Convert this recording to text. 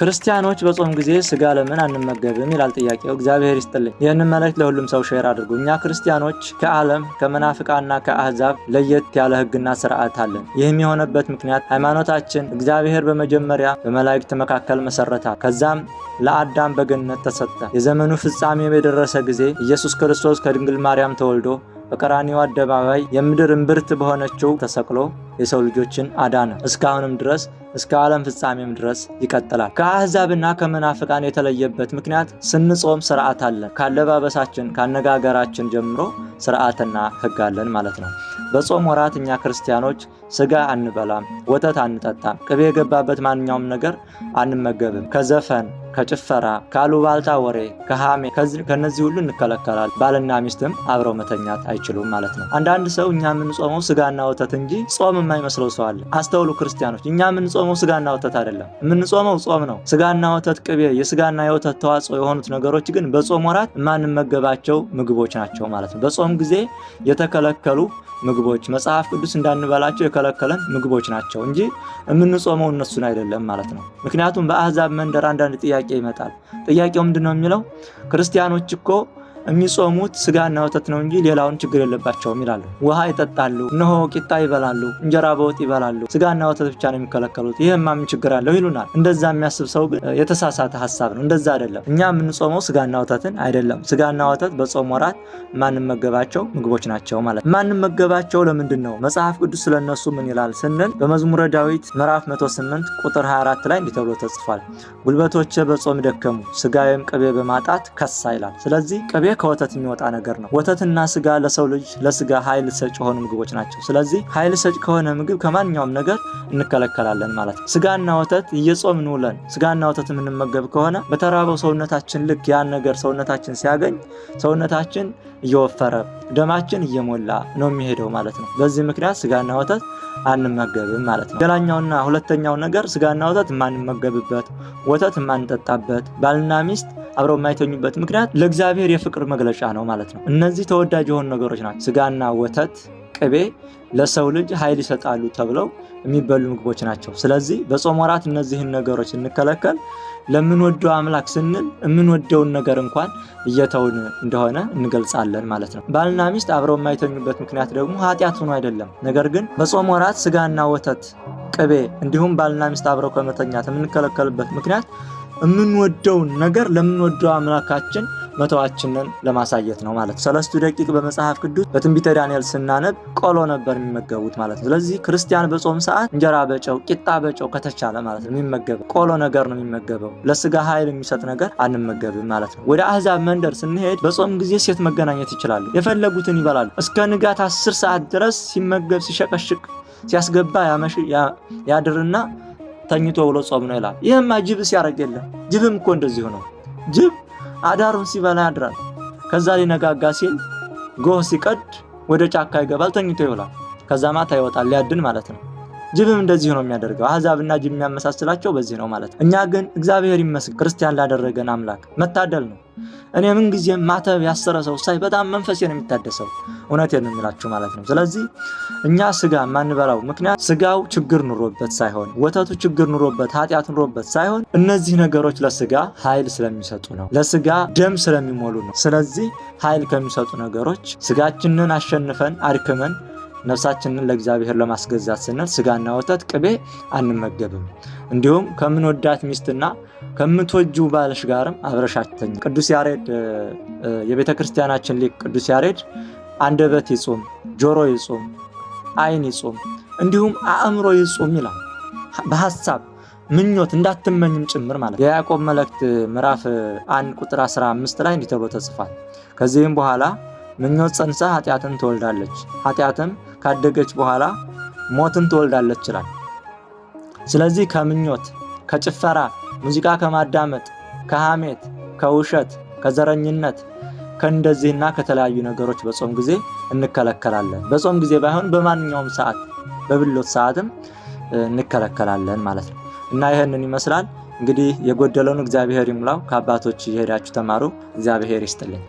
ክርስቲያኖች በጾም ጊዜ ስጋ ለምን አንመገብም ይላል ጥያቄው። እግዚአብሔር ይስጥልኝ። ይህንን መልእክት ለሁሉም ሰው ሼር አድርጉ። እኛ ክርስቲያኖች ከዓለም ከመናፍቃና ከአህዛብ ለየት ያለ ሕግና ስርዓት አለን። ይህም የሆነበት ምክንያት ሃይማኖታችን እግዚአብሔር በመጀመሪያ በመላእክት መካከል መሰረታ፣ ከዛም ለአዳም በገነት ተሰጠ። የዘመኑ ፍጻሜ በደረሰ ጊዜ ኢየሱስ ክርስቶስ ከድንግል ማርያም ተወልዶ በቀራኒው አደባባይ የምድር እምብርት በሆነችው ተሰቅሎ የሰው ልጆችን አዳነ። እስካሁንም ድረስ እስከ ዓለም ፍጻሜም ድረስ ይቀጥላል። ከአሕዛብና ከመናፍቃን የተለየበት ምክንያት ስንጾም ስርዓት አለን። ካለባበሳችን፣ ካነጋገራችን ጀምሮ ስርዓትና ሕግ አለን ማለት ነው። በጾም ወራት እኛ ክርስቲያኖች ስጋ አንበላም፣ ወተት አንጠጣም፣ ቅቤ የገባበት ማንኛውም ነገር አንመገብም። ከዘፈን ከጭፈራ፣ ከአሉባልታ ወሬ፣ ከሃሜ ከነዚህ ሁሉ እንከለከላል። ባልና ሚስትም አብረው መተኛት አይችሉም ማለት ነው። አንዳንድ ሰው እኛ የምንጾመው ስጋና ወተት እንጂ ጾም የማይመስለው ሰው አለ። አስተውሉ ክርስቲያኖች፣ እኛ የምንጾመው ስጋና ወተት አይደለም። የምንጾመው ጾም ነው። ስጋና ወተት ቅቤ፣ የስጋና የወተት ተዋጽኦ የሆኑት ነገሮች ግን በጾም ወራት የማንመገባቸው ምግቦች ናቸው ማለት ነው። በጾም ጊዜ የተከለከሉ ምግቦች መጽሐፍ ቅዱስ እንዳንበላቸው የከለከለን ምግቦች ናቸው እንጂ የምንጾመው እነሱን አይደለም ማለት ነው። ምክንያቱም በአህዛብ መንደር አንዳንድ ጥያቄ ጥያቄ ይመጣል። ጥያቄው ምንድን ነው የሚለው ክርስቲያኖች እኮ የሚጾሙት ስጋና ወተት ነው እንጂ ሌላውን ችግር የለባቸውም ይላሉ። ውሃ ይጠጣሉ፣ እነሆ ቂጣ ይበላሉ፣ እንጀራ በወጥ ይበላሉ፣ ስጋና ወተት ብቻ ነው የሚከለከሉት። ይህማ ምን ችግር አለው ይሉናል። እንደዛ የሚያስብ ሰው ግን የተሳሳተ ሀሳብ ነው። እንደዛ አይደለም። እኛ የምንጾመው ስጋና ወተትን አይደለም። ስጋና ወተት በጾም ወራት የማንመገባቸው ምግቦች ናቸው ማለት ነው። የማንመገባቸው ለምንድን ነው? መጽሐፍ ቅዱስ ስለነሱ ምን ይላል ስንል በመዝሙረ ዳዊት ምዕራፍ 108 ቁጥር 24 ላይ እንዲህ ተብሎ ተጽፏል። ጉልበቶቼ በጾም ደከሙ፣ ስጋዬም ቅቤ በማጣት ከሳ ይላል። ስለዚህ ቅቤ ከወተት የሚወጣ ነገር ነው። ወተትና ስጋ ለሰው ልጅ ለስጋ ኃይል ሰጭ የሆኑ ምግቦች ናቸው። ስለዚህ ኃይል ሰጭ ከሆነ ምግብ ከማንኛውም ነገር እንከለከላለን ማለት ነው። ስጋና ወተት እየጾምን ውለን ስጋና ወተት የምንመገብ ከሆነ በተራበው ሰውነታችን ልክ ያን ነገር ሰውነታችን ሲያገኝ ሰውነታችን እየወፈረ ደማችን እየሞላ ነው የሚሄደው ማለት ነው። በዚህ ምክንያት ስጋና ወተት አንመገብም ማለት ነው። ሌላኛውና ሁለተኛው ነገር ስጋና ወተት የማንመገብበት ወተት የማንጠጣበት ባልና ሚስት አብረው የማይተኙበት ምክንያት ለእግዚአብሔር የፍቅር የፍቅር መግለጫ ነው ማለት ነው። እነዚህ ተወዳጅ የሆኑ ነገሮች ናቸው። ስጋና ወተት፣ ቅቤ ለሰው ልጅ ኃይል ይሰጣሉ ተብለው የሚበሉ ምግቦች ናቸው። ስለዚህ በጾም ወራት እነዚህን ነገሮች እንከለከል ለምንወደው አምላክ ስንል የምንወደውን ነገር እንኳን እየተውን እንደሆነ እንገልጻለን ማለት ነው። ባልና ሚስት አብረው የማይተኙበት ምክንያት ደግሞ ኃጢአት ሆኖ አይደለም። ነገር ግን በጾም ወራት ስጋና ወተት፣ ቅቤ እንዲሁም ባልና ሚስት አብረው ከመተኛት የምንከለከልበት ምክንያት የምንወደውን ነገር ለምንወደው አምላካችን መተዋችንን ለማሳየት ነው ማለት ነው። ሰለስቱ ደቂቅ በመጽሐፍ ቅዱስ በትንቢተ ዳንኤል ስናነብ ቆሎ ነበር የሚመገቡት ማለት ነው። ስለዚህ ክርስቲያን በጾም ሰዓት እንጀራ በጨው ቂጣ በጨው ከተቻለ ማለት ነው የሚመገበው ቆሎ ነገር ነው የሚመገበው። ለስጋ ኃይል የሚሰጥ ነገር አንመገብም ማለት ነው። ወደ አህዛብ መንደር ስንሄድ በጾም ጊዜ ሴት መገናኘት ይችላሉ። የፈለጉትን ይበላሉ። እስከ ንጋት አስር ሰዓት ድረስ ሲመገብ ሲሸቀሽቅ ሲያስገባ ያድርና ተኝቶ ብሎ ጾም ነው ይላል። ይህማ ጅብ ሲያደርግ የለም። ጅብም እኮ እንደዚሁ ነው ጅብ አዳሩን ሲበላ ያድራል። ከዛ ሊነጋጋ ሲል ጎህ ሲቀድ ወደ ጫካ ይገባል፣ ተኝቶ ይውላል። ከዛ ማታ ይወጣል ሊያድን ማለት ነው። ጅብም እንደዚህ ነው የሚያደርገው። አህዛብና ጅብ የሚያመሳስላቸው በዚህ ነው ማለት ነው። እኛ ግን እግዚአብሔር ይመስገን ክርስቲያን ላደረገን አምላክ መታደል ነው። እኔ ምን ጊዜ ማተብ ያሰረ ሰው ሳይ በጣም መንፈሴ ነው የሚታደሰው። እውነት ነው ማለት ነው። ስለዚህ እኛ ስጋ የማንበላው ምክንያት ስጋው ችግር ኑሮበት ሳይሆን ወተቱ ችግር ኑሮበት ኃጢአት ኑሮበት ሳይሆን እነዚህ ነገሮች ለስጋ ኃይል ስለሚሰጡ ነው፣ ለስጋ ደም ስለሚሞሉ ነው። ስለዚህ ኃይል ከሚሰጡ ነገሮች ስጋችንን አሸንፈን አድክመን ነፍሳችንን ለእግዚአብሔር ለማስገዛት ስንል ስጋና ወተት ቅቤ አንመገብም። እንዲሁም ከምንወዳት ሚስትና ከምትወጁ ባልሽ ጋርም አብረሻተኝ። ቅዱስ ያሬድ የቤተ ክርስቲያናችን ሊቅ ቅዱስ ያሬድ አንደበት ይጹም፣ ጆሮ ይጹም፣ ዓይን ይጹም እንዲሁም አእምሮ ይጹም ይላል። በሀሳብ ምኞት እንዳትመኝም ጭምር ማለት የያዕቆብ መልእክት ምዕራፍ 1 ቁጥር 15 ላይ እንዲህ ተብሎ ተጽፏል። ከዚህም በኋላ ምኞት ጸንሳ ኃጢአትን ትወልዳለች ኃጢአትም ካደገች በኋላ ሞትን ትወልዳለች ይችላል። ስለዚህ ከምኞት፣ ከጭፈራ፣ ሙዚቃ ከማዳመጥ፣ ከሐሜት፣ ከውሸት፣ ከዘረኝነት ከእንደዚህና ከተለያዩ ነገሮች በጾም ጊዜ እንከለከላለን። በጾም ጊዜ ባይሆን በማንኛውም ሰዓት በብሎት ሰዓትም እንከለከላለን ማለት ነው እና ይህንን ይመስላል እንግዲህ የጎደለውን እግዚአብሔር ይሙላው። ከአባቶች እየሄዳችሁ ተማሩ። እግዚአብሔር ይስጥልኝ።